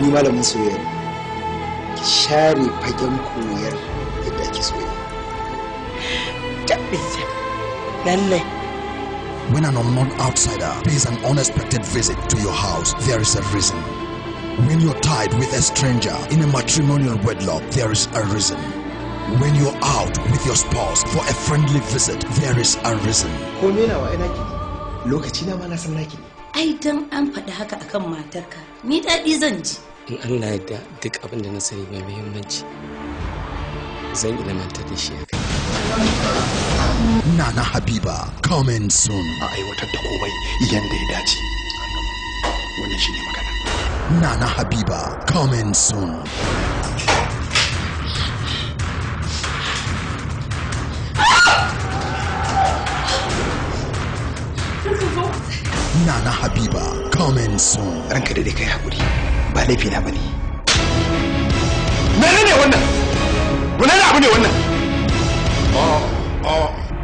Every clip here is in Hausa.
ni malamin soyayya ki share fagen koyar yadda ake soyayya tabbata lallai When an unknown outsider pays an unexpected visit to your house, there is a reason. When you're tied with a stranger in a matrimonial wedlock, there is a reason. When you're out with your spouse for a friendly visit, there is a reason. Ko nuna wa ina ki? Lokaci na ma na san naki. Ai dan an faɗi haka akan matarka, ni daɗi zan ji. in allah yadda duk abin da na sani mai muhimmanci zan ilmantar da shi a kai nana habiba coming soon a aiwatar da komai yadda ya dace wannan shi ne magana nana habiba coming soon Nana Habiba, coming soon. Ranka da dai kai haƙuri. ba laifi na bane mene ne wannan wani abu ne wannan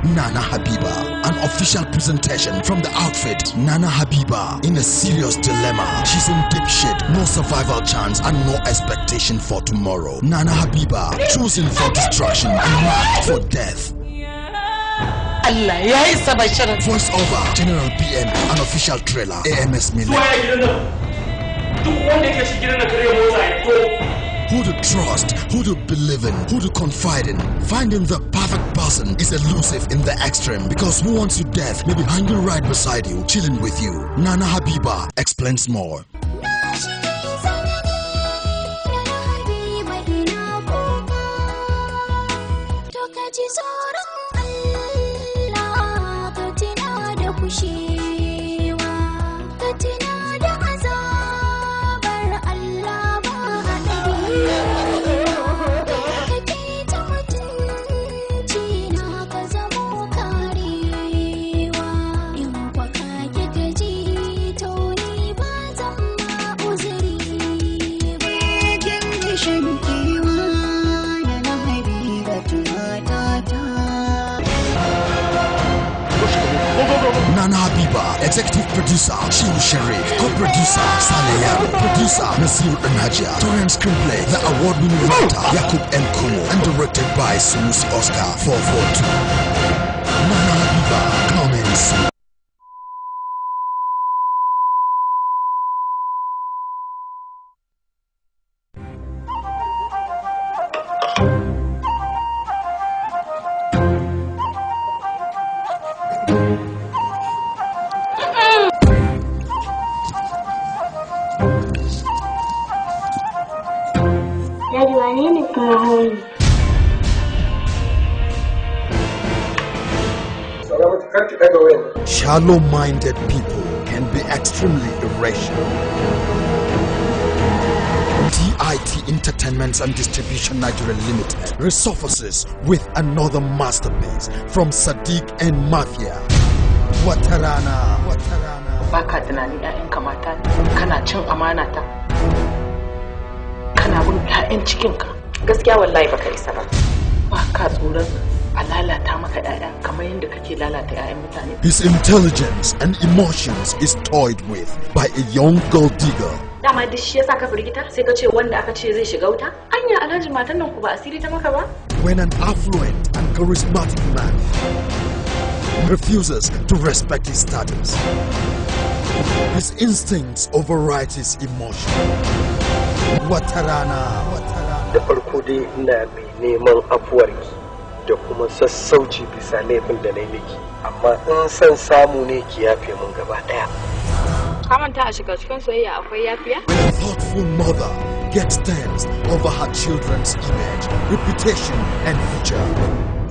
Nana Habiba, an official presentation from the outfit. Nana Habiba in a serious dilemma. She's in deep shit, no survival chance, and no expectation for tomorrow. Nana Habiba, chosen for destruction and marked for death. Allah ya yi sabashirin. Voice over, General BM, an official trailer, AMS Miller. Who to trust, who to believe in, who to confide in. Finding the perfect person is elusive in the extreme because who wants you death may be hanging right beside you, chilling with you. Nana Habiba explains more. Executive Producer Shiru Sharif Co-Producer Saleh Producer Nasir Nhaja Torrent Screenplay The award-winning writer Yakub M. Kumo, And directed by Sunusi Oscar 442 Nana Habiba Coming soon Hollow minded people can be extremely irrational. DIT Entertainment and Distribution Nigeria Limited resurfaces with another masterpiece from Sadiq and Mafia. Watarana. Watarana. Baka tunanin 'ya'yanka mata kana cin amanata. Kana bin 'ya'yan cikinka. Gaskiya wallahi baka isa ba. Baka tsoron a lalata maka ‘ya'ya kamar yadda kake lalata ‘ya'yan mutane. His intelligence and emotions is toyed with by a young gold digger. Dama duk shi yasa ka firgita sai ka ce wanda aka ce zai shiga wuta? Anya alhaji matan nan ku ba asiri ta maka ba? When an affluent and charismatic man refuses to respect his status, his instincts override his emotion. Wata rana, Da farko dai ina mai neman afuwarki. da kuma sassauci bisa laifin da na yi miki amma in san samu ne ki yafe mun gaba daya manta a shiga cikin soyayya akwai yafiya A thoughtful mother gets tense over her children's image reputation and future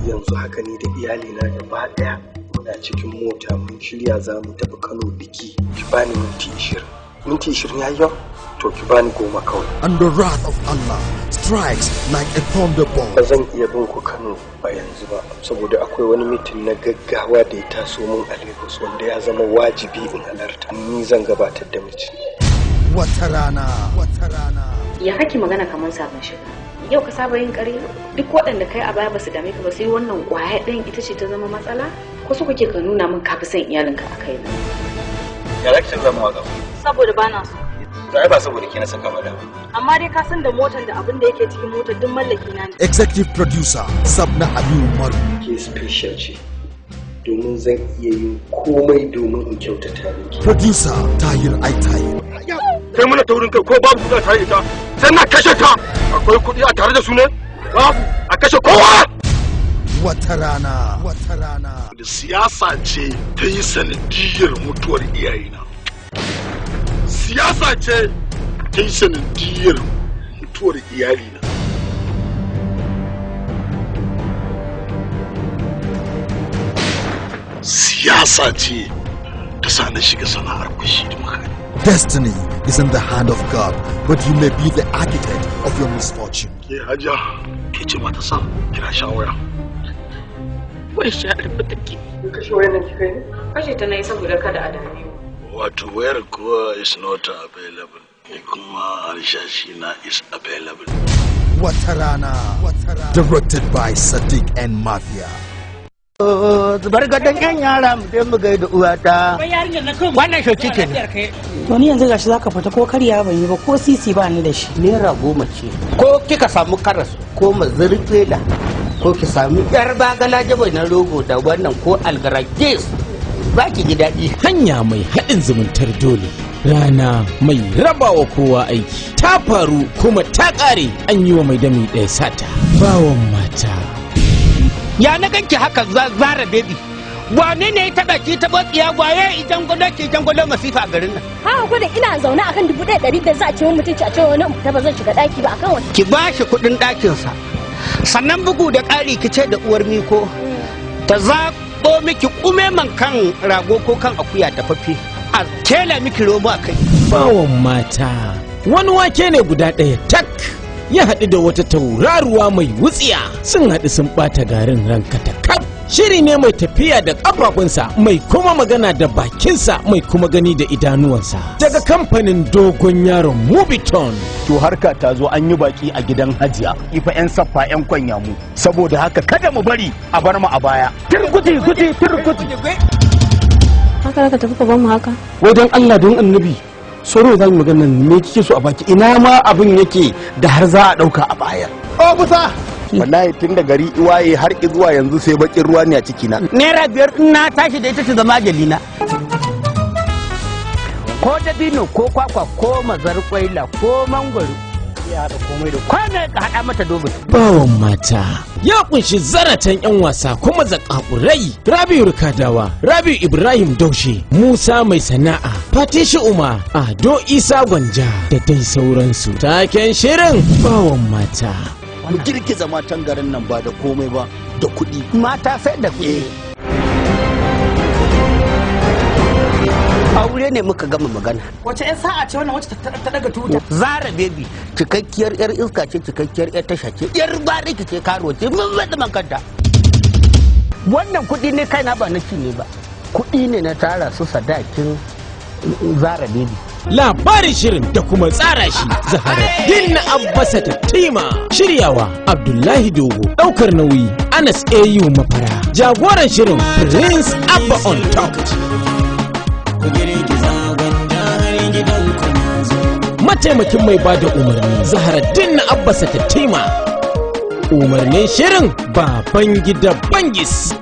yanzu haka ni da iyali na gaba daya muna cikin mota mun shirya za mu tafi Kano biki ki bani minti 20 minti ishirin ya yau to ki bani goma kawai and the wrath of Allah strikes like a thunderbolt ba zan iya bin ku Kano ba yanzu ba saboda akwai wani mitin na gaggawa da ya taso min a Lagos wanda ya zama wajibi in halarta ni zan gabatar da mutum wata rana wata rana ya kake magana kamar sabon shiga yau ka saba yin kare duk waɗanda kai a baya ba su dame ka ba sai wannan ƙwaya ɗin ita ce ta zama matsala ko su kake ka nuna min ka fi son iyalinka a kai na. Direction zama wa saboda ba na so to ai ba saboda ke na saka ba amma dai ka san da motar da abin da yake cikin motar duk mallaki na ne executive producer sabna aliyu umaru ke special ce domin zan iya yin komai domin in kyautata miki producer tahir aitaye kai muna taurin kai ko babu kuɗi a tare ita sai na kashe ta akwai kuɗi a tare da su ne babu a kashe kowa wata rana wata rana siyasa ce ta yi sanadiyar mutuwar iyayena siyasa ce ta kin sanadiyar mutuwar iyalina siyasa ce ta sa na shiga sana'ar fashi da makani destiny is in the hand of god but you may be the architect of your misfortune ke hajiya ke ce mata sa kira shawara wai sha'ar ba take kashe wayannan kika ne kashe ta nayi saboda kada a dame wato wayar kuwa is not available ni kuma harshashi na is available wata rana directed by sadiq and mafia zubar oh, gadon yan yara mu je mu gaida uwata wannan shoki ke to ni yanzu gashi zaka fita ko karya ban yi ba ko sisi ba ni da shi naira goma ce ko kika samu karas ko mazirfela ko ki samu yar bagala jabo na rogo da wannan ko algaragis baki ki ji daɗi. Hanya mai haɗin zumuntar dole. Rana mai rabawa kowa aiki. Ta faru kuma ta ƙare an yi wa mai dami ɗaya sata. Bawan mata. Ya na ganki haka zara bebi. Wane ne ta ɗaki ta batsiya waye idan gwada ke idan gwada masifa a garin nan? Ha gwada ina zaune akan dubu ɗaya ɗari da za a ce wani mutum a ce wani ta ba zan shiga ɗaki ba akan wani. Ki ba shi kuɗin ɗakinsa. Sannan bugu da ƙari ki ce da uwar miko. Ta za ko miki man kan rago ko kan akuya tafaffe a kela miki robo a kai bawon mata wani wake ne guda ɗaya tak ya haɗu da wata tauraruwa mai wutsiya sun haɗu sun ɓata garin rankata shiri ne mai tafiya da ƙafafunsa mai kuma magana da bakinsa mai kuma gani da idanuwansa daga kamfanin dogon yaron mubiton To harka ta zo an yi baki a gidan hajiya ifa 'yan saffa 'yan kwanya mu saboda haka kada mu bari a bar mu a baya. Turkuti kuti turkuti. Haka ka tafi ka mu haka. Wai don Allah don annabi soro zan magana me kike so a baki ina ma abin yake da har za a ɗauka a baya. Oh, wallahi tun da gari waye har zuwa yanzu sai bakin ruwa ne a ciki na naira biyar in na tashi da ita ta zama jalina ko dabino ko kwakwa ko mazarkwaila ko mangwaro haɗa mata Bawan mata ya kunshi zaratan 'yan wasa kuma zakakurai Rabi'u Rukadawa, Rabi'u Ibrahim Daushe, Musa Mai Sana'a, fatishi Uma, Ado Isa Gwanja da dai sauransu. Taken shirin bawan mata. mu girgiza matan garin nan ba da komai ba da kuɗi mata sai da kuɗi eh. aure ne muka gama magana wace yan sa'a ce wannan wacce ta daga tuta zara bebi cikakkiyar yar iska ce cikakkiyar yar tasha ce yar bariki ce karo ce mun zama makanta wannan kuɗi ne kaina ba na ci ne ba kuɗi ne na tara su sadakin zara ne. labarin shirin da kuma tsara shi zahara dinna abbasa tattima shiryawa abdullahi dogo daukar nauyi anas au mafara jagoran shirin prince abba on top mataimakin mai bada da umarni zahara dinna abbasa tattima umarnin shirin baban gida bangis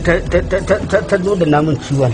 ta zo da namun ciwon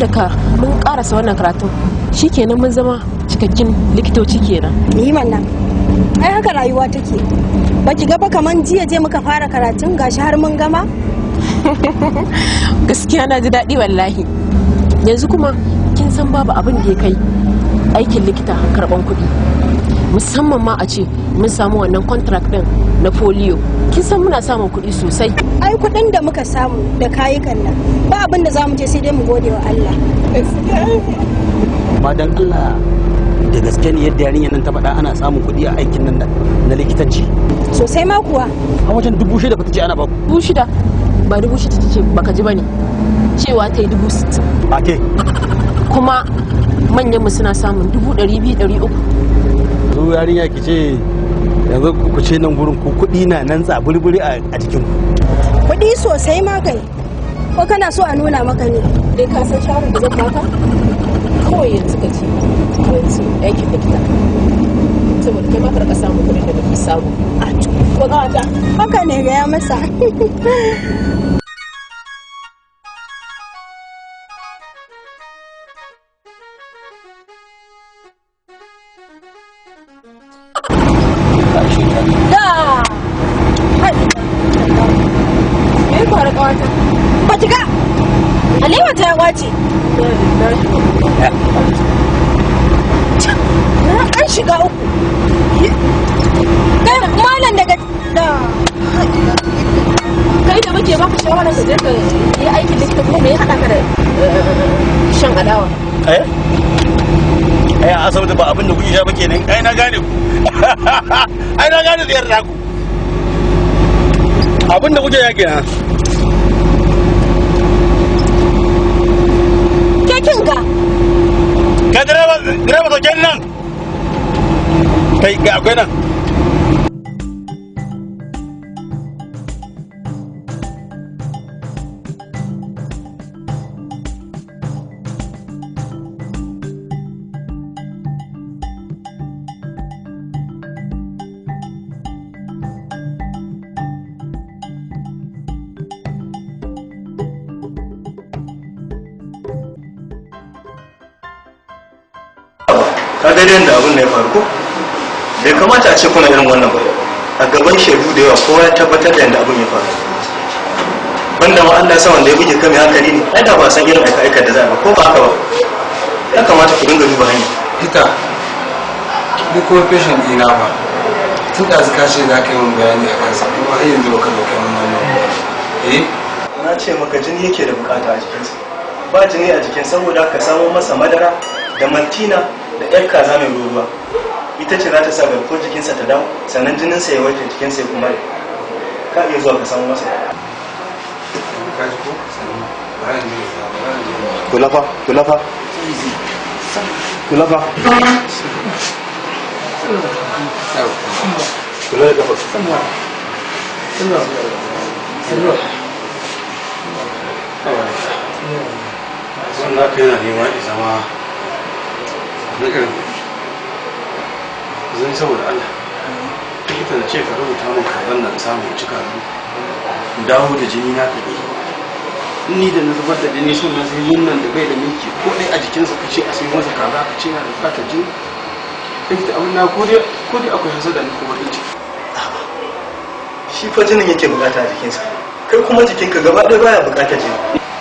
da ka mun karasa wannan karatu shikenan mun zama cikakkin likitoci kenan yi nan ai haka rayuwa take ba ki gaba kaman jiya je muka fara karatun gashi har mun gama gaskiya na ji daɗi wallahi yanzu kuma kin san babu abin da ya kai aikin likita karɓan kuɗi musamman ma a ce mun samu wannan contract din na polio kin san muna samun kuɗi sosai ai kuɗin da muka samu da kayukan nan ba abin da za mu je sai dai mu gode wa Allah ba dan Allah da gaske ne yadda yarinya nan ta faɗa ana samun kuɗi a aikin nan na likitanci sosai ma kuwa a wajen dubu shida ba ta ce ana ba dubu shida ba dubu shida ta ce baka ji ba ne cewa ta yi dubu sittin a ke kuma manyanmu suna samun dubu ɗari biyu ɗari uku yarinya ki ce yanzu ku ce nan gurin ku kuɗi na nan tsaburburi a jikin kuɗi sosai ma kai ko kana so a nuna maka ne dai ka san shawarar da zan baka kawai yanzu ka ce yanzu aiki da fita saboda kai ma ka rika samu kuɗin da baki samu a ko ta. haka ne ga ya masa kariyar raku abin da kuke yaki ha kekin ga ka direba direba to nan kai ga akwai nan ce kuna irin wannan bai a gaban shaidu da yawa kowa ya tabbatar da yadda abin ya faru banda ma Allah sa wanda ya buge kame hankali ne ai da ba san irin aika aika da za a ko ba haka ba ya kamata ku dinga duba hanya peter ni kuma patient dina ba tun da suka ce za ka yi mun bayani a kansa kuma har yanzu baka dauke mun wannan eh na ce maka jini yake da bukata a jikinsa ba jini a jikin saboda ka samo masa madara da maltina da yar kaza mai ruwa ita ce za ta sa garkuwar jikinsa ta dam sannan jininsa ya warke jikinsa ya kuma ka iya zuwa ka samu masa kulafa kulafa kulafa kula da kafa kai na neman isa ma yanzu saboda Allah likita da ce ka rubuta min karɓar nan samu cika mu dawo da jini na kaɗai ni da na zubar da jini sun na sai yin nan da bai da miki ko dai a jikinsa ka ce a sai masa kaza ka ce na da fata jini likita abin na ko akwai hasada ne nufin wani ciki shi fa jinin yake bukata a jikinsa kai kuma jikinka gaba ɗaya baya bukata jini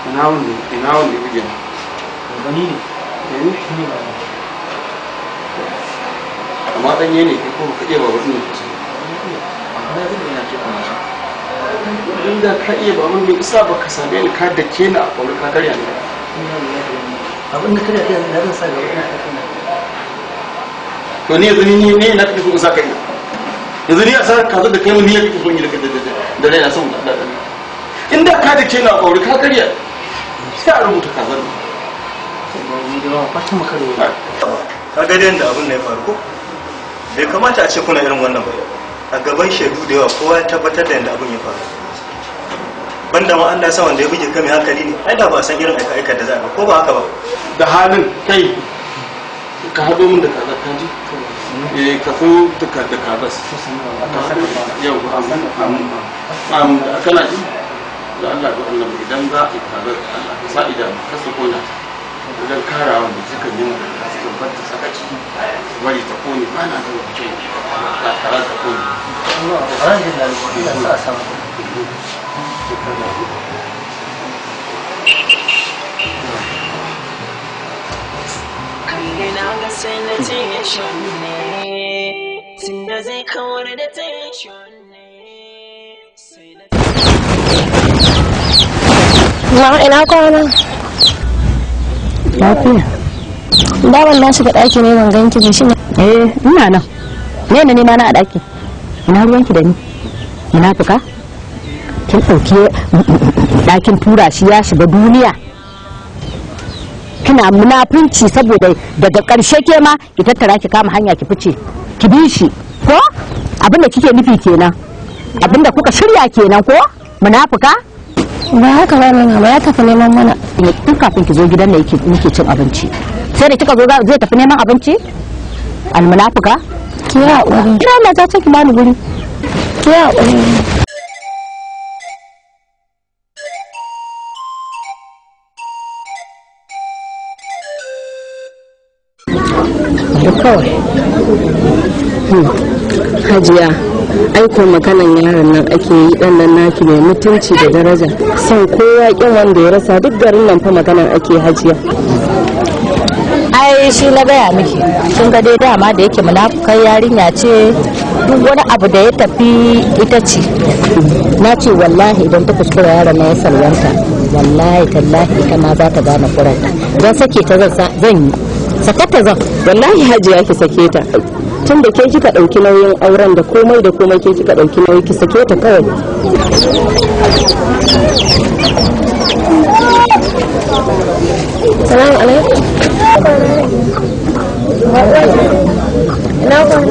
ina wanda ina wanda ya buge ni ni ne da yi ne ba amma danye ne ko ka iya babur ne ce da ka iya babur ne isa ba ka same ni ka da ke na a ka karya ne abin da kada ne da zan sa gaba ina to ni yanzu ni ne na kake so in sa kai yanzu ni a sa ka zo da kai ni ya fi so yi da rai da da in da ka da ke na a ka karya sai a rubuta ka ga da abin da ya faru ko bai kamata a ce kuna irin wannan ba a gaban shaidu da yawa kowa ya tabbatar da yadda abin ya faru banda ma Allah sa wanda ya buge kame hankali ne ai da ba san irin aika aika da za a ko ba haka ba da halin kai ka haɗo min da kaza ka ji eh ka so da kaza ka haɗo yau am kana ji da Allah da Allah idan za a kaza Allah sa idan ka sako na wajen kara wa da suka yi ta suka ta saka ciki ta kone ba na zama kyau ba tare ta kone. ina lafiya daman na shiga ɗaki ne ban ganki ba shine eh ina nan me ne nema na a ɗaki ina ki da ni munafuka kin ɗauke mm, mm, mm, ɗakin tura shi ya shiga duniya kina munafunci saboda daga ƙarshe ke ma ki tattara ki kama hanya ki fice ki bi shi ko abinda kike nufi kenan abinda kuka shirya kenan ko munafuka ba haka ba ne ba ya tafi neman mana eh, tun kafin ki zo gidan da yake muke cin abinci sai da kika zo zai tafi neman abinci almunafuka ki ya ƙuri kira na ta ce ki bani guri ki ya ƙuri kawai hajiya aiko makanan yaron nan ake yi dan nan naki mai mutunci da daraja san kowa kin wanda ya rasa duk garin nan fa makanan ake hajiya ai shi na gaya miki kin ga dai dama da yake munafukan yarinya ce duk wani abu da ya tafi ita ce na ce wallahi idan ta kuskura yaron na ya salwanta wallahi tallahi ita ma za ta gane kuranta don sake ta zan yi sakata zan wallahi hajiya ki sake ta tun da ke kika ɗauki nauyin auren da komai da komai ke kika ɗauki nauyi ki sake ta kawai salamu alaikum lafiya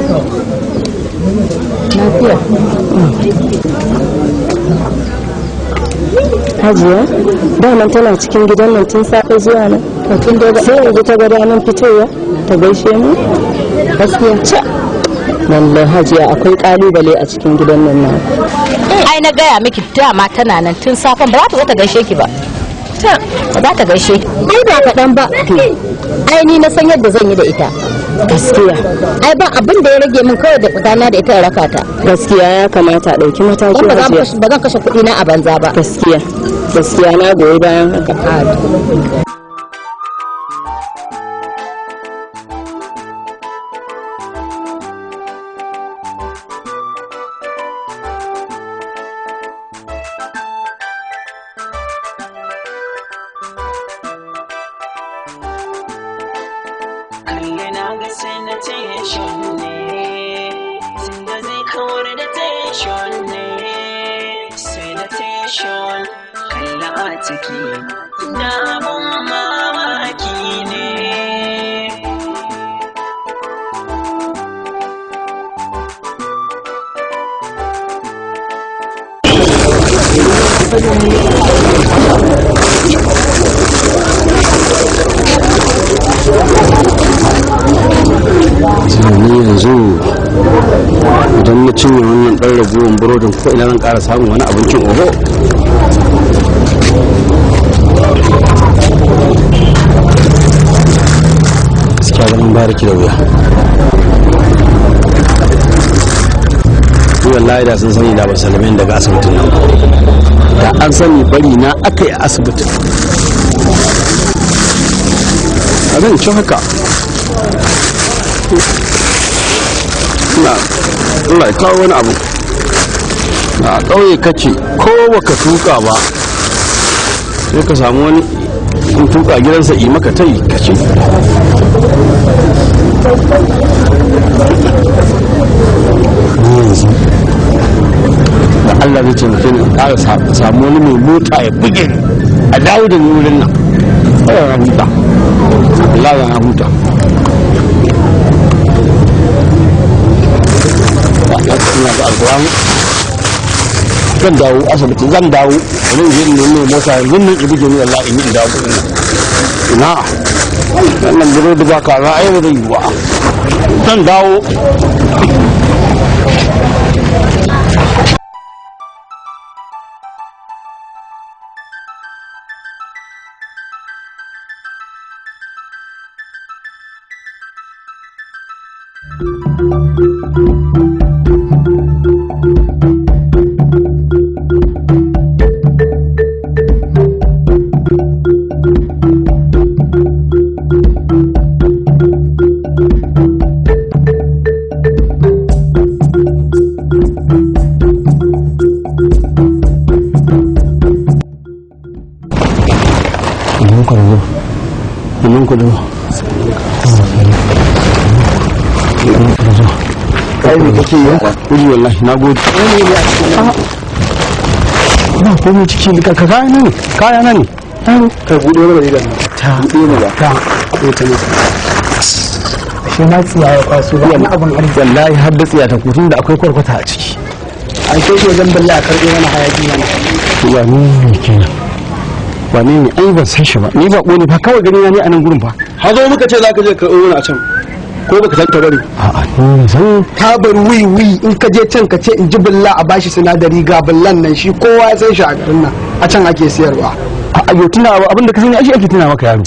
hajiya daman tana cikin gidan nan tun safe zuwa nan tun daga sai yanzu ta gada nan fitowa ta gaishe mu gaskiya ce lallai hajiya akwai kalubale a cikin gidan nan na ai na gaya miki dama tana nan tun safen ba za ta zo ta gaishe ki ba ba za ta gaishe ki ba. ba kaɗan ba ai ni na san yadda zan yi da ita gaskiya ai ba abin da ya rage min kawai da fitana da ita raka ta gaskiya ya kamata a dauki mataki ba zan kashe kudi na a banza ba gaskiya gaskiya na goyi bayan haka asibitin nan ba da an sani bari na aka yi asibitin abin ci haka na Allah kawo wani abu a ƙauye kace ko baka tuka ba sai ka samu wani in tuka gidansa yi maka ta yi kace yanzu da allah zai taimake ni ƙara samu wani mai mota ya buge a dawo da ni wurin nan kawai na huta allah na huta ina da alƙur'an zan dawo asibiti zan dawo wani in yi nemi mota yanzu nan ibi gini allah in yi in dawo ina wannan biro da ba ka za a yi wa zan dawo shi ka kaya na ne kaya na ne ka buɗe wani bari da ta buɗe ne ba ta ko ta ne shi ma tsiya ya kwaso ba wani abin arziki wallahi har da tsiya ta kutun da akwai kwarkwata a ciki ai kai shi wajen balle a karɓe wani hayaki na ne wani ne kenan wane ne ai ban san shi ba ni ba ne fa kawai gani na ne a nan gurin ba hazo muka ce za ka je karɓo wani a can ko baka san ta bane a'a ni san ta bar wi wi in ka je can ka ce in ji billa a bashi sinadari ga billan nan shi kowa ya san shi a garin nan a can ake siyarwa a yau tuna abin da ka sani ashe ake tuna maka yaro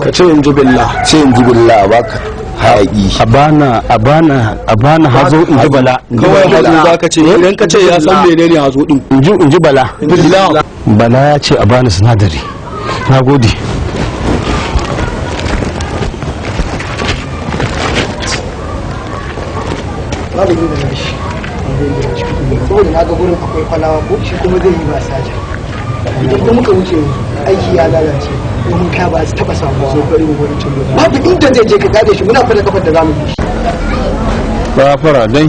ka ce in ji billa ce in ji billa baka haƙi abana abana abana hazo in ji bala kawai hazo za ka ce idan ka ce ya san menene hazo din in ji bala bala ya ce abana sinadari na gode babu inda na shi ba zai saboda na ga gurin akwai kwalawa ko shi kuma zai yi ba saja idan kuma muka wuce aiki ya lalace domin ka ba su taba samuwa so bari mu wani cin gurin babu inda zai je ka gade shi muna fara kafar da zamu bi shi lafara dai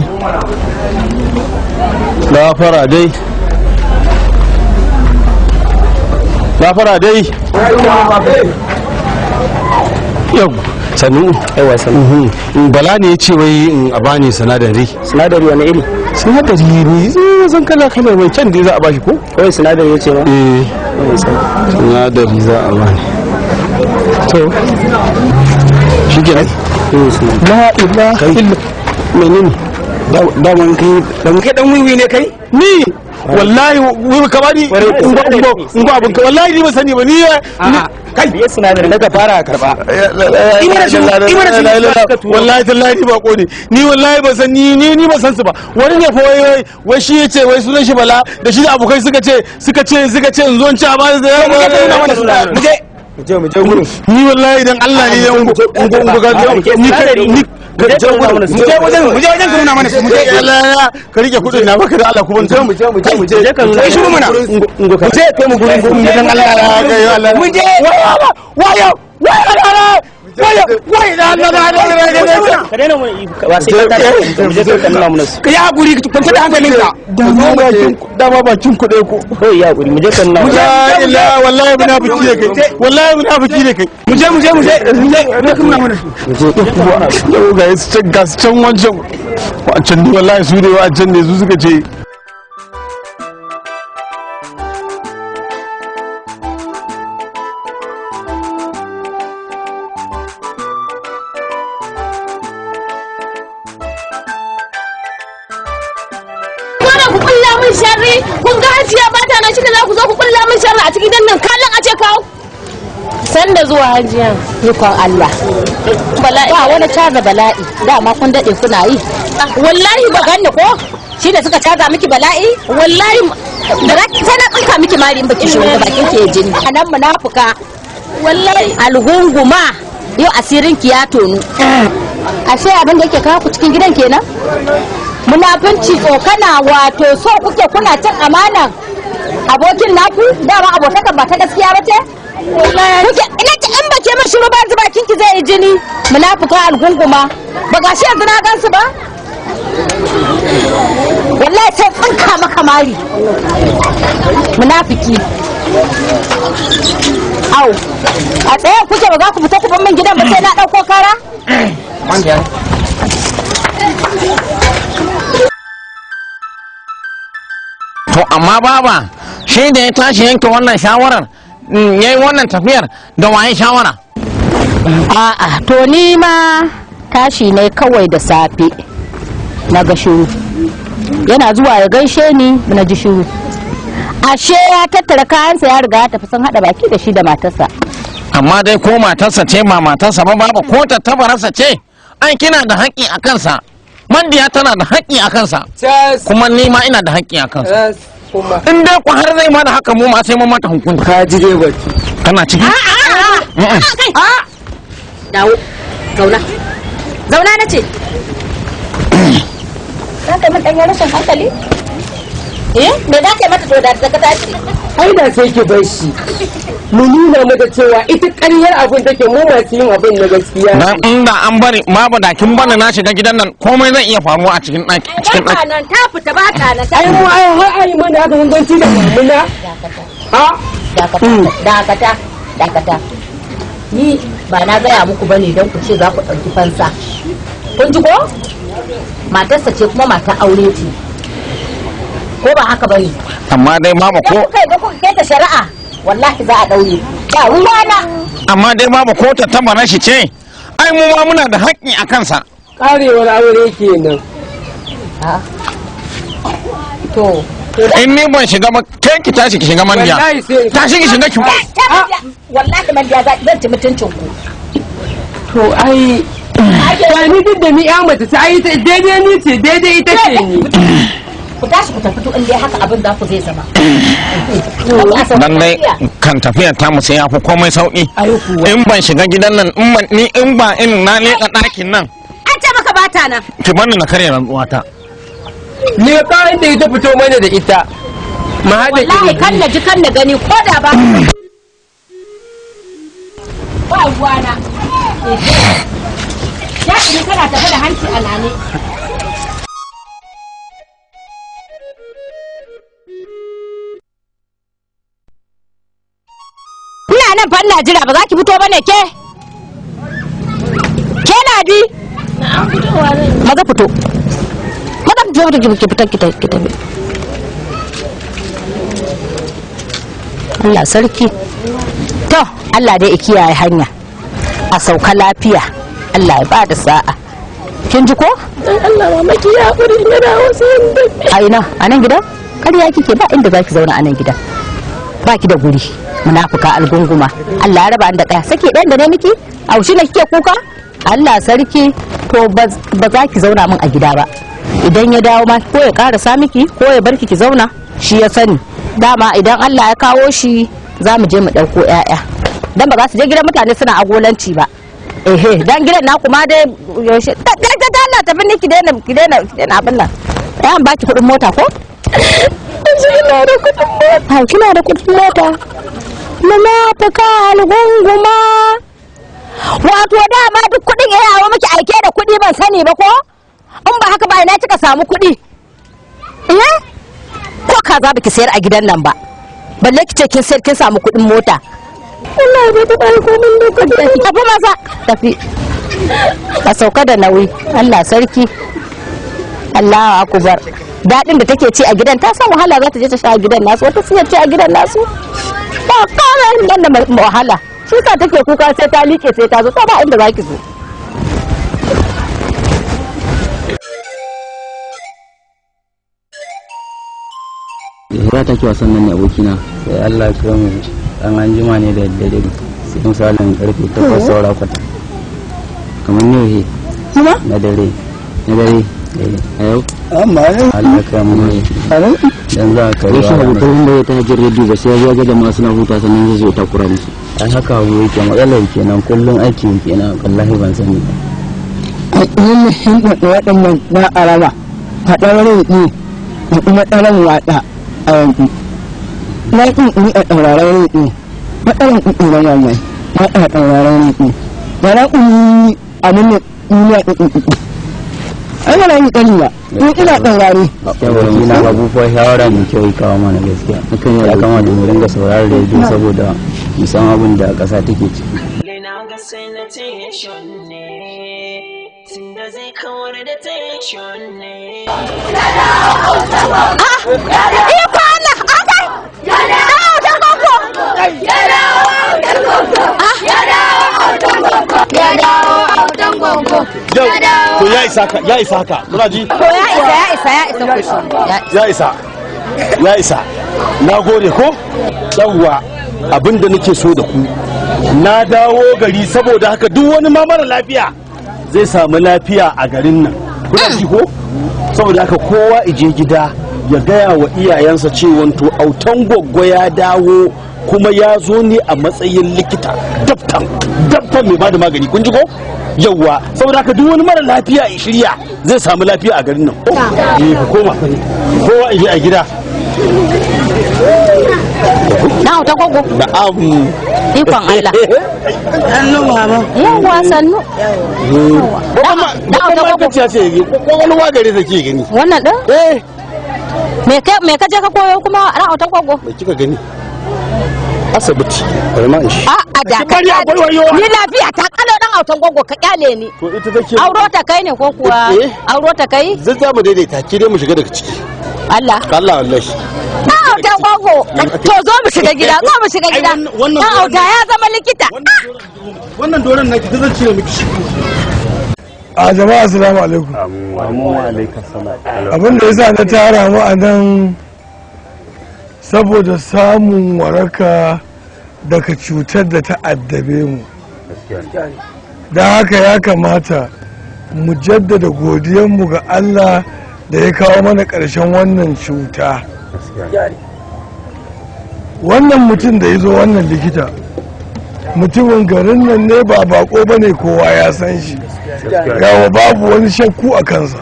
lafara dai lafara dai yau sannu yawa sannu mhm. mm, bala ne ya ce wai mm, a bani sinadari sinadari wani iri sinadari ne eh, zan kala kala mai can da za a bashi ko kawai sinadari ya ce ba eh. sinadari za a bani to shi kenan mm, la ilaha illa menene daman kai dan kai dan wiwi ne kai ni wallahi wiwi ka bani in ba in ba abin wallahi ni ba sani ba ni kai biye sinadari daga fara karba imana shi imana shi wallahi tallahi ni bako ne ni wallahi ba san ni ni ba san su ba wani ne fa wai wai shi yace wai sunan shi bala da shi abokai suka ce suka ce suka ce in zo in ci a ba da ya mu mu je ni wallahi dan Allah ne ya ungo ungo ga ni mu je wajen mu je wajen nuna mana mu je ka rike kudin na baka da Allah ku mu je mu je mu je ka nuna mana mu je kai mu gurin gurin dan Allah mu je wayo wayo wayo dole wai da Allah da Allah da Allah ka daina mun ba sai ka tada eh, mu je ka nuna ka yi hakuri ka kwanta da ka dama dama bakin ku dai ko ko ya hakuri mu je ka nuna la ilaha wallahi kai wallahi muna mun su da ga su can gas can wancan wancan ne wallahi su ne wancan ne zuwa hajiya ikon Allah bala'i ba wani caza bala'i dama kun dade kuna yi ah. wallahi ba ganni ko shi da suka caza miki bala'i wallahi da ta na tsinka miki mari in baki shi da bakin ke jini nan munafuka wallahi Alhunguma yau asirin ki ya tonu ashe abin da yake kawo ku cikin gidan kenan munafunci tsokana wato so kuke kuna cin amanan abokin naku dama abokan ba ta gaskiya ba ce kuke ina ki in ke min shiru ba zuba ki zai yi jini munafuka algunguma ba gashi yanzu na gansu ba wallahi sai tsinka maka mari munafiki au a tsaye kuke ba za ku fita ku min gidan ba sai na ɗauko kara to amma baba shi da ya tashi yanke wannan shawarar ya yi wannan tafiyar da waye shawara a'a to ni ma tashi ne kawai da safe na ga shiru yana zuwa ya gaishe ni na ji shiru ashe ya tattara kayansa ya riga ya tafi sun hada baki da shi da matarsa amma dai ko matarsa ce ma matarsa ba babu ko tattabararsa ce an kina da haƙƙi a kansa mandiya tana da haƙƙi a kansa kuma ni ma ina da haƙƙi a kansa in dai ku har zai mana haka mu ma sai mun mata hukunta ka ji dai baki kana ciki a dawo zauna zauna nace ka kai mun dan ɗanyar rashin hankali eh me za ka yi mata to da ta tashi ai da sai ki bar shi mu nuna mata cewa ita ƙaryar abin take mu masu yin abin na gaskiya dan in da an bari ma ba da kin bana na shiga gidan nan komai zai iya faruwa a cikin ɗaki cikin ɗaki nan ta fita ba ta nan ai mu ai har ai mana haka mun ganci da mamuna ha dakata mm. dakata dakata ni ba na gaya muku ba ne don ku ce za ku ɗauki fansa kun ji ko matarsa ce kuma mata aure ce ko ba haka bane amma dai mama ko kai ga ku kai ta shari'a wallahi za a daure ba na amma dai mama ko ta na shi ce ai mu ma muna da haƙƙi a kansa karewar aure kenan to in ni ban shiga ba kai ki tashi ki shiga mandiya tashi ki shiga ki wallahi ah! mandiya za zan ci mutuncin ku to ai ba ni duk da ni ya mace ta ai daidai ni ce daidai ita ce ni ku tashi ku tafi in dai haka abin za ku zai zama dan dai kan tafiya ta mu sai ya fi komai sauki in ban shiga gidan nan in ban ni in ba in na ne a ɗakin nan an ce maka bata na. ki bani na karya rantsuwa ta ni ka inda ita fito mana da ita ma hada wallahi kan na ji kan na gani ko da ba ba ruwana ya kana tafi da hanci alale nan fa ina jira ba za ki fito bane ke ke na bi maza fito maza fito ki fita ki Allah sarki to Allah dai kiyaye hanya a sauka lafiya Allah ya ba da sa'a kin ji ko Allah ma maki hakuri ina da wasu a ina a nan gidan kariya kike ba inda zaki zauna a nan gidan baki da guri munafuka algunguma Allah ya raba da kaya sake ɗayan da ne miki a shi ne kike kuka Allah sarki to ba za ki zauna min a gida ba idan ya dawo ma ko ya karasa miki ko ya barki ki zauna shi ya sani dama idan Allah ya kawo shi za mu je mu ɗauko 'ya'ya dan ba za su je gidan mutane suna agolanci ba ehe dan gidan na kuma dai yaushe da Allah tafi ni ki daina ki daina abin nan ɗayan baki kuɗin mota ko yanzu ina da kuɗin mota kina da kuɗin mota munafuka algunguma wato dama duk kuɗin ya yawa miki aike da kuɗi ban sani ba ko in ba haka ba ina kika samu kuɗi eh ko kaza ki sayar a gidan nan ba balle kice kin sayar kin samu kuɗin mota Allah ya bata barko min da kuɗi tafi maza tafi ka sauka da nauyi Allah sarki Allahu akubar daɗin da take ci a gidan ta san wahala za ta je ta sha a gidan nasu wata sun ci a gidan nasu ba kawai wannan wahala shi sa take kuka sai ta liƙe sai ta zo ta ba inda za ki zo Ya take wasan nan ne abokina. Sai eh, Allah ya mu dan an jima ne da daddare sai misalin karfe 8 saura kwata. Kamar ne na dare na dare a yau dan za ka yi shi ta ba sai ya ga masu na huta sannan zai zo takura musu haka yake matsalar kenan kullum kenan wallahi ban sani ba a ƙirin shin da na araba da kuma tsaron a yanzu na ƙin ni a matsalar wannan na a na duniya ai wala yin kalila in ina ɗaurari yawon yana abubuwa shawara mai kyau kawo mana gaskiya mukan ya kamata mu dinga saurari rediyo saboda mu san abin da kasa take ciki Tunda zai da tension ne. dan to ya isa ka ya isa ka kuna ji to ya isa ya isa ya isa ku ya isa ya isa na gode ko yawwa abinda nake so da ku na dawo gari saboda haka duk wani ma mara lafiya zai samu lafiya a garin nan kuna ji ko saboda haka kowa ije gida ya gaya wa iyayensa cewa to autan goggo ya dawo kuma ya zo ne a matsayin likita daftan daftan mai bada magani kun ji ko yawwa saboda ka duk wani mara lafiya a shirya zai samu lafiya a garin nan oh, eh hukuma kowa ije a gida na ta gogo da am ikon Allah sannu mama yawa sannu ba ta gogo ce ce ko wani wagare take gani wannan din eh me ka je ka koyo kuma ta gogo me kika gani asibiti bari ma in shi a'a da ka ni lafiya ta kalo dan autan gongo ka kyale ni to ita take auro ta kai ne ko kuwa eh. auro ta kai zai za mu daidaita ki dai mu shiga daga ciki Allah Allah wallahi dan autan gongo to zo mu shiga gida zo mu shiga gida dan auta ya zama likita ah! wannan doron naki zan cire miki shi a jama'a assalamu alaikum amin wa alaikum salam abin da yasa na tara mu a nan saboda samun waraka daga cutar da ta addabe mu da haka ya kamata mu jaddada godiyanmu ga allah da ya kawo mana ƙarshen wannan cuta wannan mutum da ya zo wannan likita mutumin garin nan ne ba bako ba ne kowa ya san shi gawa babu wani shakku a kansa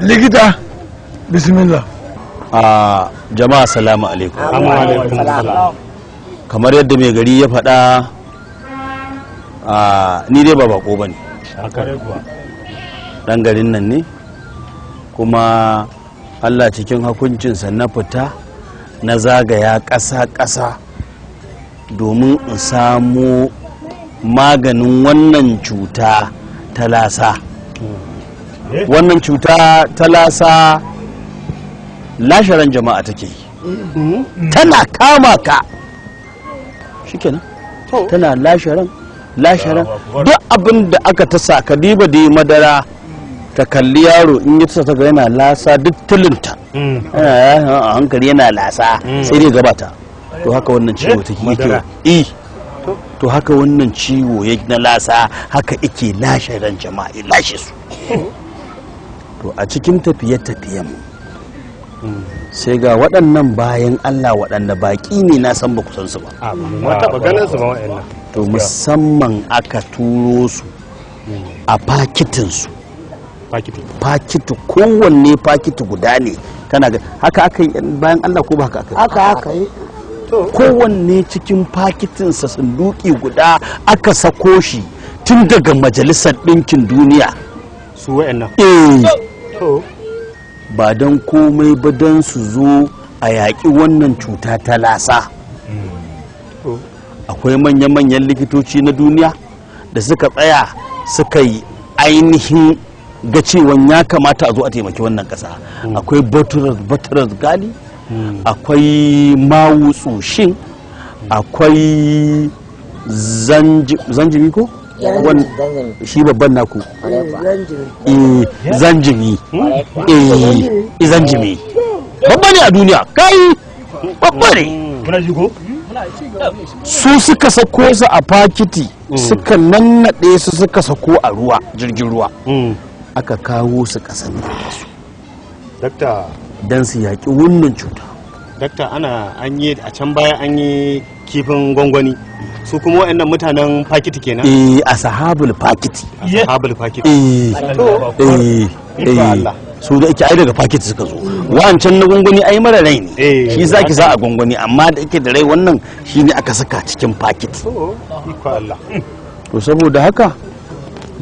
likita bismillah ah, jama'a salamu alaikum kamar yadda mai gari ya faɗa ni dai ba bako ba ne ɗan garin nan ne kuma allah cikin hakuncinsa na fita na zagaya ƙasa-ƙasa domin in samu maganin wannan cuta ta lasa hmm. eh? wannan cuta ta lasa lasharan jama'a take yi tana kama ka shikenan tana lasharan lasharan duk abin da aka ta sa ka diba da madara ta kalli yaro in yi ta ga yana lasa duk tulinta yana hmm. eh, a hankali yana lasa hmm. sai dai gabata to haka wannan eh, ciwo take i eh. to haka wannan ciwo ya na lasa haka ike lasharan jama'a lashe su to a cikin tafiye-tafiyen sai ga waɗannan bayan allah waɗanda baƙi ne na san ba kusan su ba ah, to musamman aka turo su a fakitinsu fakiti kowanne fakiti guda ne kana ga haka aka yi bayan allah ko ba haka aka haka haka yi kowanne cikin fakitinsa sanduki guda aka sako shi tun daga majalisar ɗinkin duniya su wa'annan eh ba don komai ba don su zo a yaƙi wannan cuta ta lasa akwai manya-manyan likitoci na duniya da suka tsaya suka yi ainihin ga cewan ya kamata a zo a taimaki wannan ƙasa hmm. akwai buttress gali hmm. akwai mawutsu tsoshin akwai zanjimiko ko shi babban naku eh, zanjimi hmm? eh, eh, zanjimi babba ne a duniya kai babba ne su suka sako su a fakiti hmm. suka nannaɗe su suka sako a ruwa jirgin ruwa hmm. aka kawo su ƙasar da su Dan don su yaƙi wannan cuta dakta ana an yi a can baya an yi kifin gwangwani su kuma wa'annan mutanen fakiti kenan eh sahabul fakiti sahabul fakiti eh eh, eh. su da ake ai daga fakiti suka zo wancan na gwangwani ai mara rai ne eh. shi za ki sa a gwangwani amma da yake da rai wannan shi ne aka saka cikin fakiti to saboda haka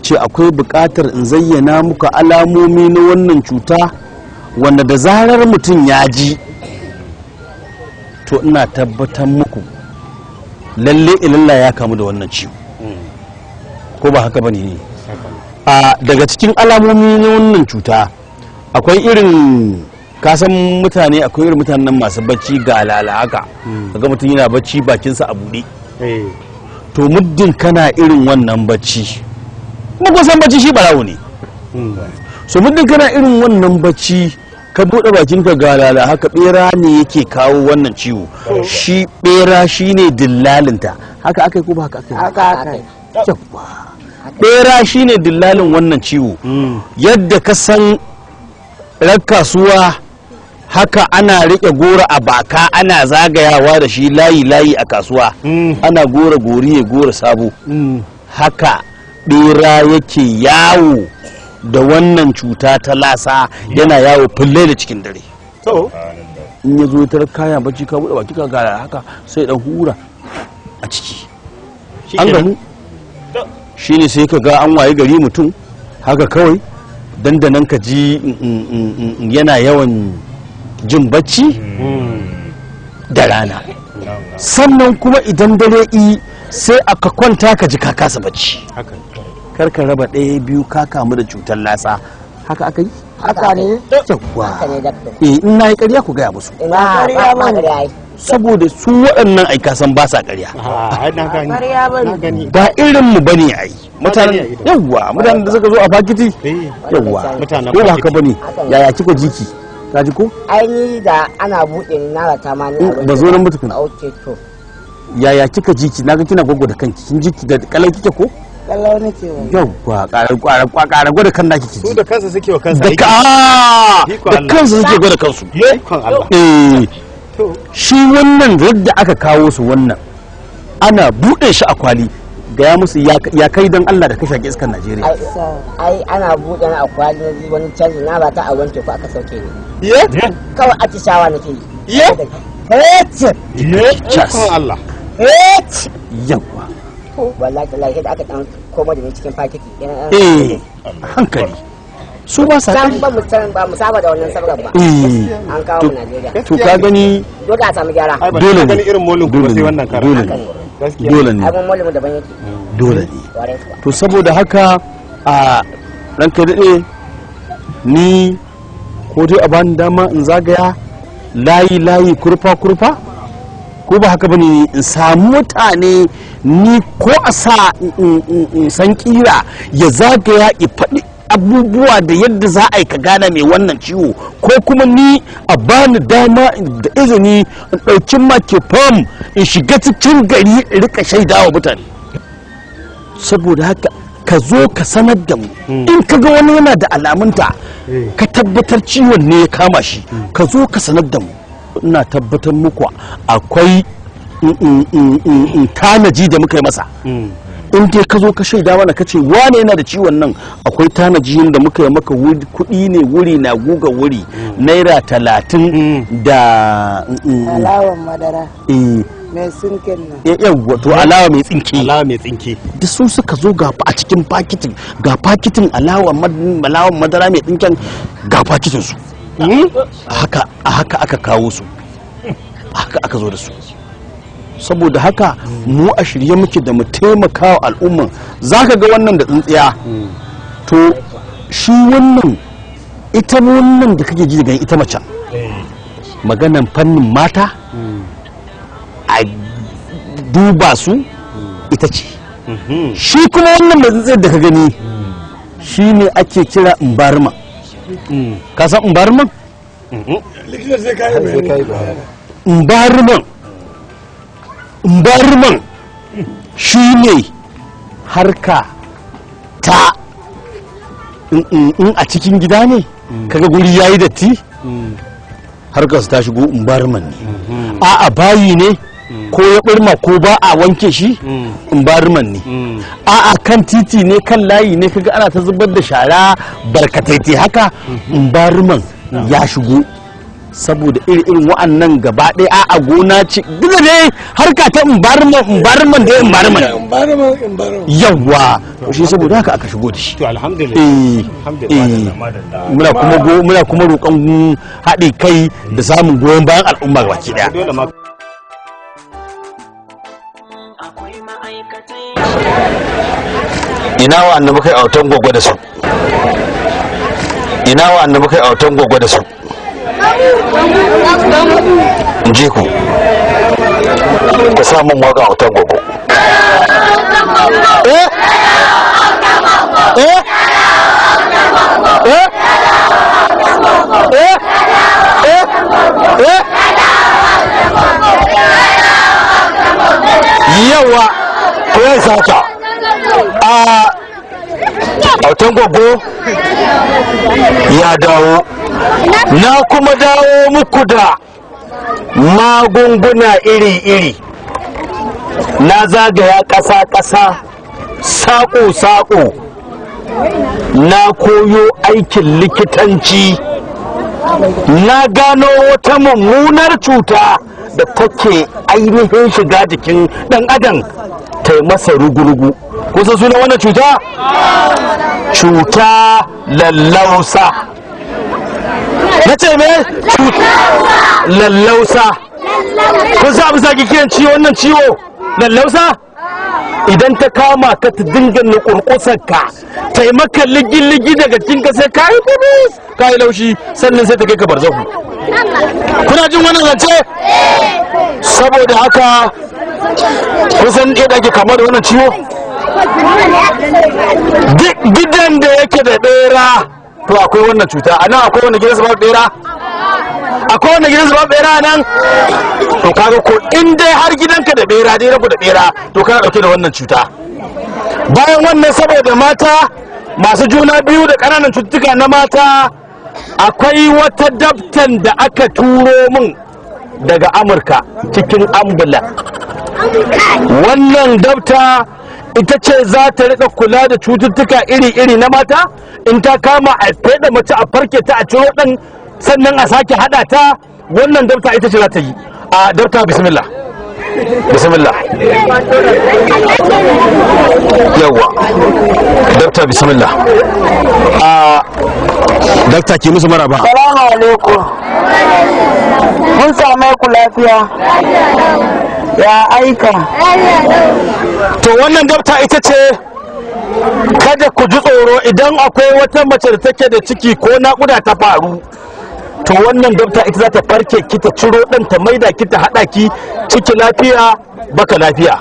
ce akwai buƙatar in zayyana muka alamomi na wannan cuta wanda da zarar mutum ya ji to ina tabbatar muku lalle ilalla ya kamu da wannan ciwo ko ba haka bane ne a daga cikin alamomi na wannan cuta akwai irin kasan mutane akwai irin mutanen masu bacci ga alala haka hmm. kaga mutum yana bacci bakinsa a buɗe eh. to muddin kana irin wannan bacci kuma kusan bacci shi barawo ne hmm. so muddin kana irin wannan bacci ka buɗe bakin ka galala haka bera ne yake kawo wannan ciwo shi bera shine dillalinta haka akai ko ba haka akai haka akai bera shine dillalin wannan ciwo hmm. yadda ka san rar kasuwa haka ana riƙe gora a baka ana zagayawa da shi layi layi a kasuwa hmm. ana gora gori ya gora sabo hmm. haka bera yake yawo da wannan cuta ta lasa yana yawo fulle da cikin dare in ya zo tar kaya bacci ka buɗe baki ka da haka sai dan hura a ciki an gamu shine sai ka ga an waye gari mutum haka kawai dandanan ka ji mm, mm, mm, yana yawan jin bacci hmm. da rana sannan kuma idan dare i sai aka kwanta ka ji ka kasa bacci kar ka raba ɗaya biyu ka kamu da cutar lasa haka aka yi haka ne yawa eh in nayi ƙarya ku gaya musu ba ba ba saboda su waɗannan ai ka san ba sa ƙarya ah, ba irin mu bane ai mutanen Yawwa mutanen da suka zo a bakiti eh. yawwa. ko ba haka bane yaya kika jiki ka ji ko ai da ana buɗe na rata ma ni eh, ba zo nan mutukun yaya kika jiki naga kina gwagwada da kanki kin jiki da kalan kike ko kallau nake wani yawwa ƙara gwada kan naki kiji da kansa suke wa kansa da da kansa suke gwada kansu Allah. Eh. shi wannan yadda aka kawo su wannan ana buɗe shi a kwali gaya musu ya kai don Allah da ka shaƙi iskar Najeriya. Ai ana buɗe na akwali wani canji na ba ta a wanke ko aka sauke ni. Ye? Kawai atishawa nake yi. Ye? Hecce. Ye? Allah. Hecce. Yawwa. ko wallahi eh, hankali su ba sa ba mu gani dole ne dole ne dole ne to saboda haka a ranka dade ni ko dai a bani dama in zagaya layi layi kurfa kurfa ko ba haka bane in samu mutane ni ko a sa san kira ya zagaya ya faɗi abubuwa da yadda za a yi ka gane mai wannan ciwo ko kuma ni a bani dama da izini in ɗauki fam in shiga cikin gari in rika shaidawa mutane saboda haka ka zo ka sanar da mu hmm. in ka ga wani yana da alamunta eh. ka tabbatar ciwon ne ya kama shi hmm. ka zo ka sanar da mu ina tabbatar muku akwai tanaji da muka yi masa mm. in dai ka zo ka shaida mana ka ce wane yana da ciwon nan akwai tanaji da muka yi maka kuɗi ne wuri na guga wuri mm. naira talatin mm. da alawan madara eh. mai tsinkin nan eh, yawwa alawa mai tsinke. alawa mai tsinke. da sun suka zo ga a cikin pakitin ga pakitin alawa madara mai tsinken ga pakitin su Hmm? a haka aka kawo su haka aka zo da su saboda haka mu a shirye muke da mu taimaka wa al'umma za ka ga wannan da tsintsiya to shi wannan ita wannan da kake ji daga ita mace maganan fannin mata a duba su ita ce mhm. shi kuma wannan da tsintsiyar da ka gani shi ne ake kira imbarima ka san environment shi ne harka ta in a cikin gida ne kaga guri yayi datti harkar su ta shigo mbarman ne mhm. a'a bayi ne ko ya birma ko ba a wanke shi mm. environment ne mm. a a kan titi ne kan layi ne kaga ana ta zubar da shara barkataiti haka mm-hmm. environment ah. ya shigo saboda irin wa'annan gaba ɗaya a gona ce gina ne harka ta environment environment da yawwa yawa shi saboda haka aka shigo da shi to eh, eh. muna kuma muna kuma roƙon haɗe kai da samun goyon bayan al'umma gaba ɗaya. ina wa annabi kai autan gogo da su ina wa annabi kai autan gogo da su in ji ku eh? Eh? Eh? ku samun waka autan gogo yawa ko ya sata a autan gogo ya dawo na kuma dawo muku da magunguna iri-iri na zagaya ƙasa-ƙasa saƙo-saƙo na koyo aikin likitanci na gano wata mummunar cuta da take ainihin shiga jikin ɗan adam ta masa rugurugu kusan suna wannan cuta cuta lallausa na ce me lallausa kun sa abu sake kiran ciwo wannan ciwo lallausa idan ta kama ka ta dinga nukurkusar ka taimaka ligi-ligi daga cikin sai ka yi kayi bubu kayi laushi sannan sai ta kai ka barzahu kuna jin wannan zance saboda haka kusan ɗaya da ake kama da wannan ciwo gidan da yake da bera to akwai wannan cuta a nan akwai wanda ba babu bera akwai wanda gidansa babu bera nan to kaga ko in dai har gidanka da bera dai rabu da bera to kana dauke da wannan cuta bayan wannan saboda mata masu juna biyu da ƙananan cututtuka na mata akwai wata daftan da aka turo min daga amurka cikin ambulan wannan dabta ita ce za ta riƙa kula da cututtuka iri-iri na mata in ta kama a faɗa mace a farke ta a ciro ɗan sannan a sake haɗa ta wannan dabta ita ce za ta yi a dabta bismillah bismillah yawa dokta bismillah a dokta ke musu maraba salamu alaikum mun samu ku lafiya ya aika to wannan dokta ita ce kada ku ji tsoro idan akwai wata mace da take da ciki ko naƙuda ta faru to wannan dabta ita za ta farke ki ta ciro ɗan ta maida ki ta haɗa ki ciki lafiya baka lafiya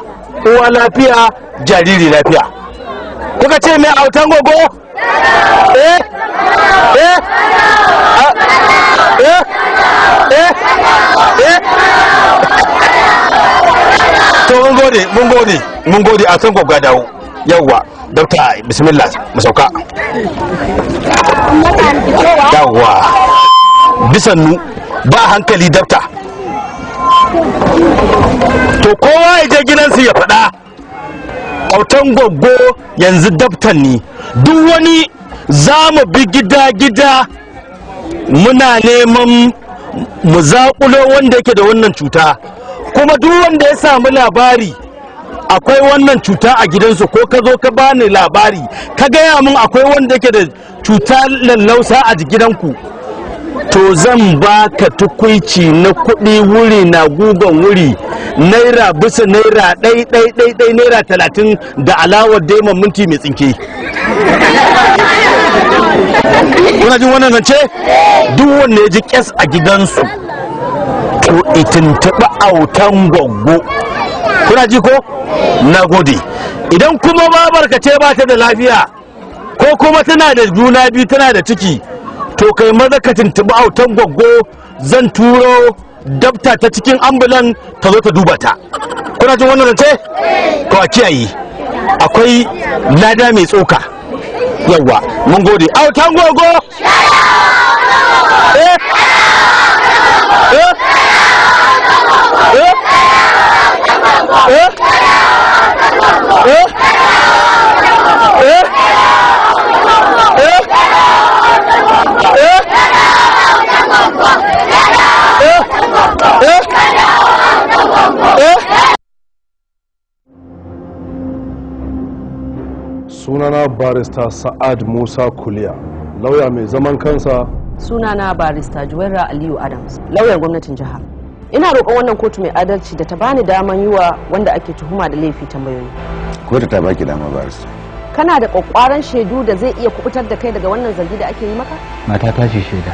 uwa lafiya jariri lafiya kuka ce mai autan gogo eh? eh eh eh eh to mun gode mun gode mun gode a san gogo dawo yawwa dokta bismillah mu sauka yawwa bisannu ba hankali dabta to kowa ya je gidansu ya faɗa ƙautan goggo yanzu dabtan ne duk wani za mu bi gida-gida muna neman mu zaƙulo wanda yake da wannan cuta kuma duk wanda ya samu labari akwai wannan cuta a gidansu ko ka zo ka bani labari ka gaya min akwai wanda yake da cuta lallausa a gidanku to zan baka tukuici na kuɗi wuri na guban wuri naira bisa naira ɗai ɗai ɗai ɗai naira talatin da alawar daiman minti mai tsinke kuna jin wannan zance duk wanda ya ji kyas a gidansu to itintaɓa autan gwaggo kuna ji ko na gode idan kuma babarka ce ba ta da lafiya ko kuma tana da juna biyu tana da ciki to kai maza ka autan gwaggo zan turo dabta ta cikin ambulan ta zo ta duba ta kuna jin wannan rance ko a kiyaye akwai lada mai tsoka yawa mun gode autan gwaggo eh? eh? eh? sunana barista sa'ad musa kuliya lauya mai zaman kansa sunana barista juwaira aliyu adams lauyan gwamnatin jihar ina roƙon wannan kotu mai adalci da ta bani daman yiwa wanda ake tuhuma da laifi tambayoyi kotu ta baki dama barista kana da kwakwaran shaidu da zai iya kubutar da kai daga wannan zargi da ake yi maka mata ta ce shaida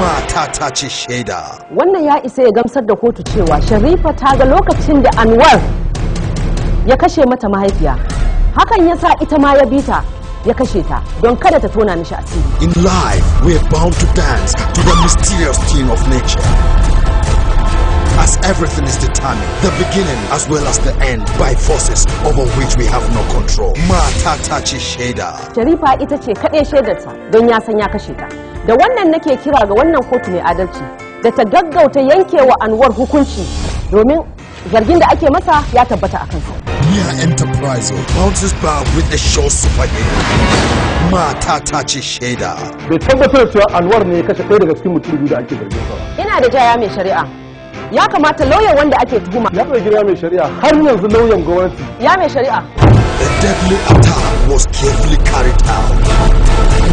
mata ta ce shaida wannan ya isa ya gamsar da kotu cewa sharifa ta ga lokacin da anwar ya kashe mata mahaifiya hakan ya sa ita ma ya bita ya kashe ta don kada ta tona mishi asiri in life we are bound to dance to the mysterious theme of nature as everything is determined, the beginning as well as the end by forces over which we have no control. Mata ta ce shaida. Sharifa ita ce kaɗai shaidarta don ya san ya kashe ta. Da wannan nake kira ga wannan kotu mai adalci da ta gaggauta yankewa Anwar hukunci domin zargin da ake masa ya tabbata a kansa. Mia Enterprise bounces back with a show superhero. Mata ta ce shaida. Bai tabbatar cewa Anwar ne kashe ɗaya daga cikin mutum biyu da ake zargin ba. Ina da jaya mai shari'a. ya kamata lauyan wanda ake tuhuma ya mai gida mai shari'a har yanzu lauyan gwamnati ya mai shari'a The deadly attack was carefully carried out.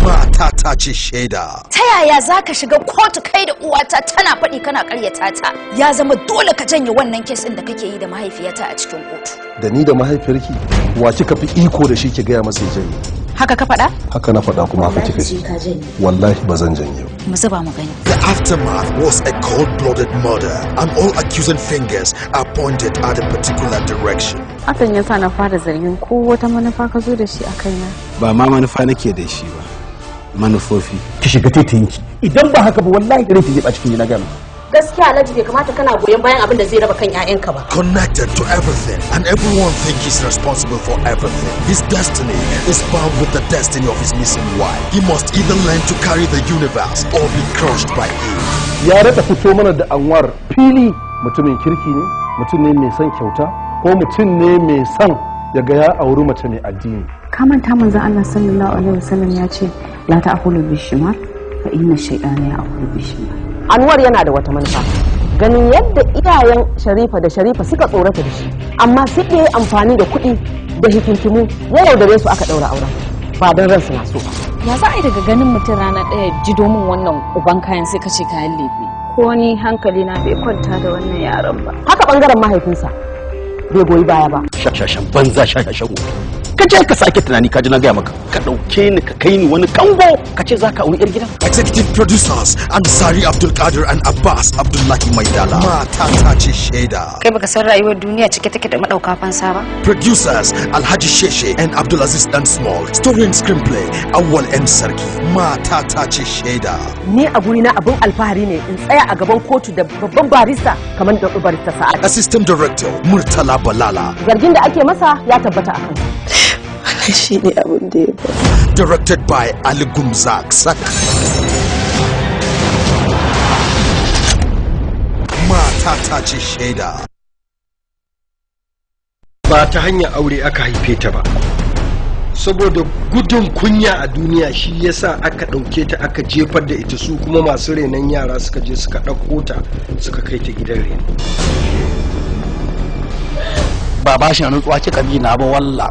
mata ta ce shaida ta yaya za ka shiga kotu kai da uwata tana faɗi kana karyata ta ya zama dole ka janye wannan kes ɗin da kake yi da mahaifiyata a cikin kotu da ni da mahaifiyarki wa kika fi iko da shi ki gaya masa ya janye haka ka faɗa haka na faɗa kuma haka kika ce wallahi ba zan janye mu zuba mu gani the aftermath was a cold-blooded murder and all accusing fingers are pointed at a particular direction hakan sa na fara zargin ko wata manufa ka zo da shi a kaina ba ma manufa nake da shi ba manufofi ki shiga ki idan ba haka ba wallahi irin ki a cikin gina gama gaskiya alhaji bai kamata kana goyon bayan abin da zai raba kan 'ya'yanka ba connected to everything and everyone think is responsible for everything his destiny is bound with the destiny of his missing wife he must either learn to carry the universe or be crushed by it ya rata fito mana da anwar fili mutumin kirki ne mutum ne mai son kyauta ko mutum ne mai son ya ga ya auri mace mai addini ka manta manzon Allah sallallahu alaihi wasallam ya ce la bi bishimar fa inna shaytana bi bishimar Anwar yana da wata manufa ganin yadda iyayen Sharifa da Sharifa suka tsorata da shi amma sai ke amfani da kuɗi da hikinkimu ya yaudare su aka ɗaura auren ba don ransu na so ya za a yi daga ganin mutum rana ɗaya ji domin wannan uban kayan sai ka ce kayan lefe ko ni hankali na bai kwanta da wannan yaron ba haka bangaren mahaifinsa bai goyi baya ba shashashan banza shashashan ka je ka sake tunani ka ji na gaya maka ka dauke ni ka kai ni wani kango ka ce zaka auri yar gidan executive producers ansari abdul qadir and abbas abdullahi maidala mata ta ce shaida kai baka san rayuwar duniya cike take da madauka fansa ba producers alhaji sheshe and abdulaziz dan small story and screenplay awwal and sarki mata ta ce shaida ni a guri na abin alfahari ne in tsaya a gaban kotu da babban barista kamar da barista sa'ad assistant director murtala balala zargin da ake masa ya tabbata akan shi ne abin da ya directed by ali gumzak sak mata ta ce shaida ba ta hanyar aure aka haife ta ba saboda gudun kunya a duniya shi yasa aka ɗauke ta aka jefar da ita su kuma masu renon yara suka je suka ɗauko ta suka kai ta gidan reno ba bashin rantsuwa kika bi na ba walla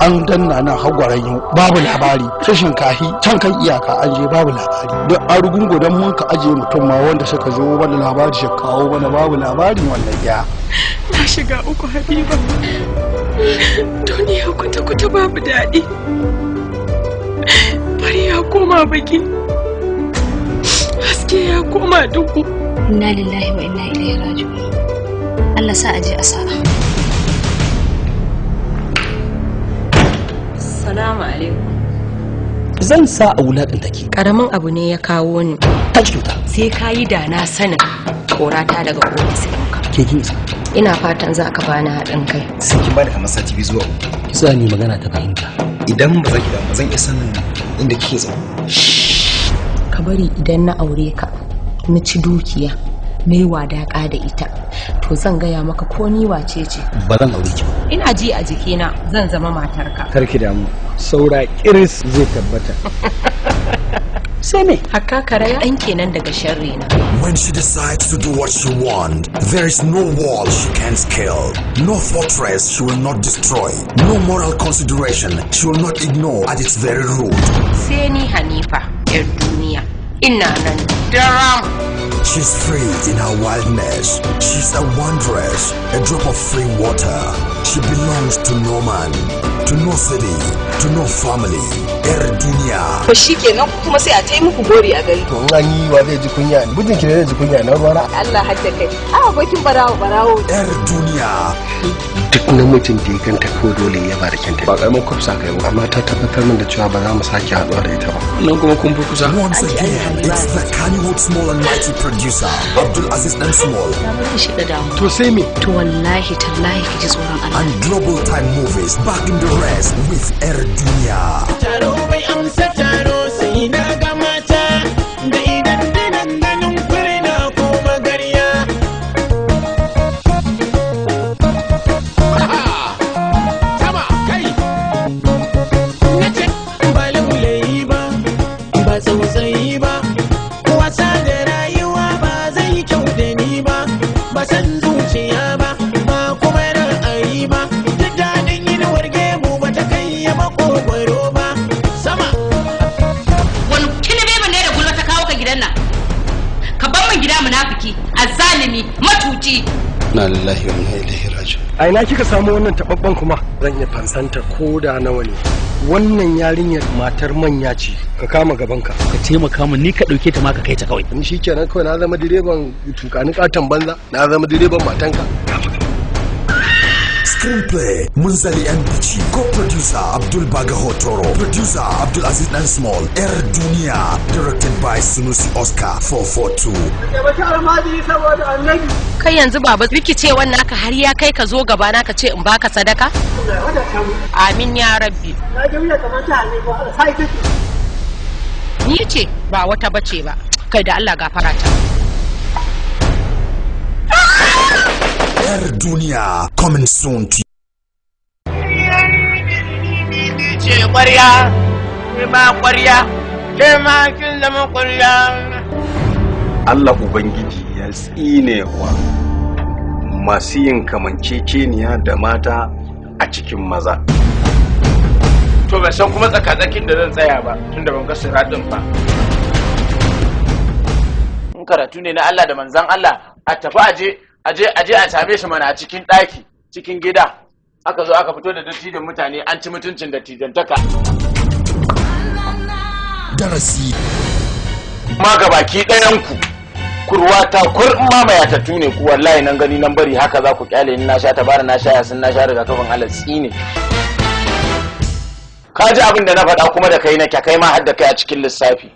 an danna nan hagwaran yau babu labari ta shinkahi can kan iyaka an je babu labari don an rugungo don mun ka aje mutum ma wanda suka zo wani labari ya kawo mana babu labari wannan ya na shiga uku habiba duniya kuta kuta babu daɗi bari ya koma baki haske ya koma duku inna lillahi wa inna ilaihi raji'un Allah sa aje a sa'a Assalamu alaikum. Zan sa a wulaƙanta take. Karamin abu ne ya kawo ni. Ta ci kyauta. Sai ka yi da na sanin ta daga ofis ɗinka. Ke kin Ina fatan za ka bani haɗin kai. Sai kin bada kamar sati biyu zuwa uku. Ki sa ni magana ta fahimta. Idan ba za ki damu zan iya sanin inda kike zaune. Ka bari idan na aure ka na ci dukiya na yi wadaƙa da ita to zan gaya maka ko ni wace ce. Ba zan aure ki ba. ina ji a jikina zan zama matarka karki damu saura kiris zai tabbata sai me hakka karaya kenan daga sharri na when she decides to do what she wants there is no wall she can't scale no fortress she will not destroy no moral consideration she will not ignore at its very root sai ni hanifa yar duniya ina nan daram She's free in her wildness. She's a wondrous, a drop of free water. She belongs to no man, to no city, to no family. Yar er duniya. Ko shi kenan kuma sai a ta yi muku gori a gari. To an yi wa zai ji kunya ni. Mijin ki zai ji kunya na ruwana. Allah hadda kai. A abokin barawo barawo. Yar er duniya. Duk namijin da ya ganta ko dole ya ba da kyanta. Ba karamin kwafsa kai ba. Amma ta tabbatar min da cewa ba za mu sake haɗuwa da ita ba. Nan kuma kun fi kusa. Once again, it's the Kannywood Small and Mighty producer, Abdul Aziz Dan Small. To sai me? To wallahi tallahi ki ji tsoron Allah. and Global Time Movies back in the rest with Erdunia. inna lillahi wa inna ilaihi raji'un a ina kika samu wannan tababban kuma zan iya fansanta ko da nawa ne wannan yarinyar matar manya ce ka kama gaban ka ka taimaka mun ni ka dauke ta ma ka kai ta kawai ni shikenan kawai na zama direban tukanin katon banza na zama direban matanka Screenplay Munzali M. Bichi. Co-producer Abdul Baga Hotoro. Producer Abdul Aziz Dan Small. Air Dunia, Directed by Sunusi Oscar 442. Kai yanzu baba rikice wannan aka har ya kai ka zo gaba na ka ce in baka sadaka? Amin ya rabbi. Ni ce ba wata bace ba. Kai da Allah gafara ta. Air duniya coming soon to you. Allah Ubangiji ya tsine wa masu yin kamanceceniya da mata a cikin maza. To ba san kuma tsakatsakin da zan tsaya ba tunda ban ga siratin ba. In karatu ne na Allah da manzan Allah a tafi aje aje aje a same shi mana a cikin ɗaki cikin gida aka zo aka fito da dattijan mutane an ci mutuncin dattijantaka darasi ma ga baki ɗayanku kurwa ta kur mamaya ta tune ku wallahi nan gani nan bari haka za ku kyale ni na sha tabara na sha yasin na sha rigakafin alatsi ne ka ji abin da na faɗa kuma da kai na kai ma har da kai a cikin lissafi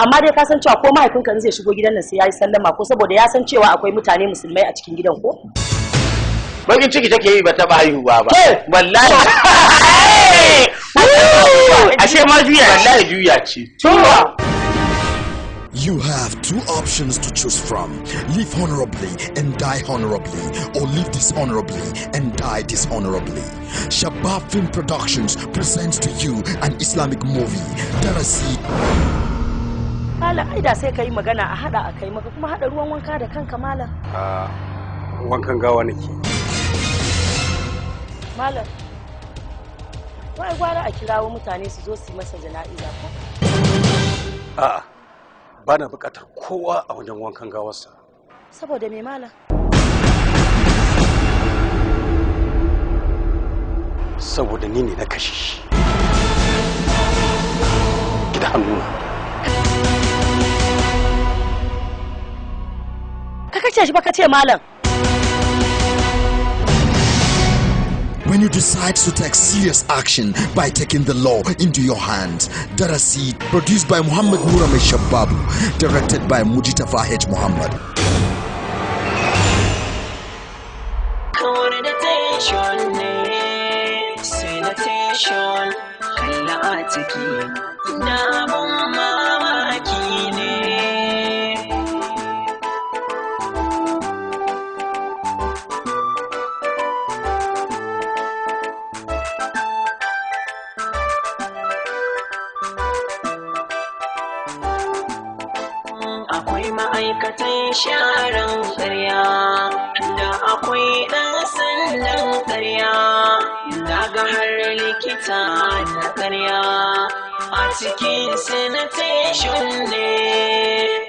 amma dai ka san cewa ko mahaifinka zai shigo gidan nan sai yayi sallama ko saboda ya san cewa akwai mutane musulmai a cikin gidan ko bakin ciki take yi ba ta haihuwa ba eh! wallahi ashe ma juya wallahi juya ce You have two options to choose from. Live honorably and die honorably, or live dishonorably and die dishonorably. Shabab Film Productions presents to you an Islamic movie, Darasi. malam ai da sai ka yi magana a hada a kai maka kuma hada ruwan wanka da kanka malam a wankan gawa nake malam wai gwara a kirawo mutane su zo su masa jana'iza ko a'a ba na bukatar kowa a wajen wankan gawarsa saboda me malam saboda ni ne na kashe shi gida hannuna ka kace shi ba ka ce malam When you decide to take serious action by taking the law into your hands, Darasi, produced by Muhammad Murameh Shababu, directed by Mujitafa H. Muhammad. Sanitation, kalla a ciki, sharan karya da akwai ɗan sandan karya daga har likita da karya a cikin sanatashin ne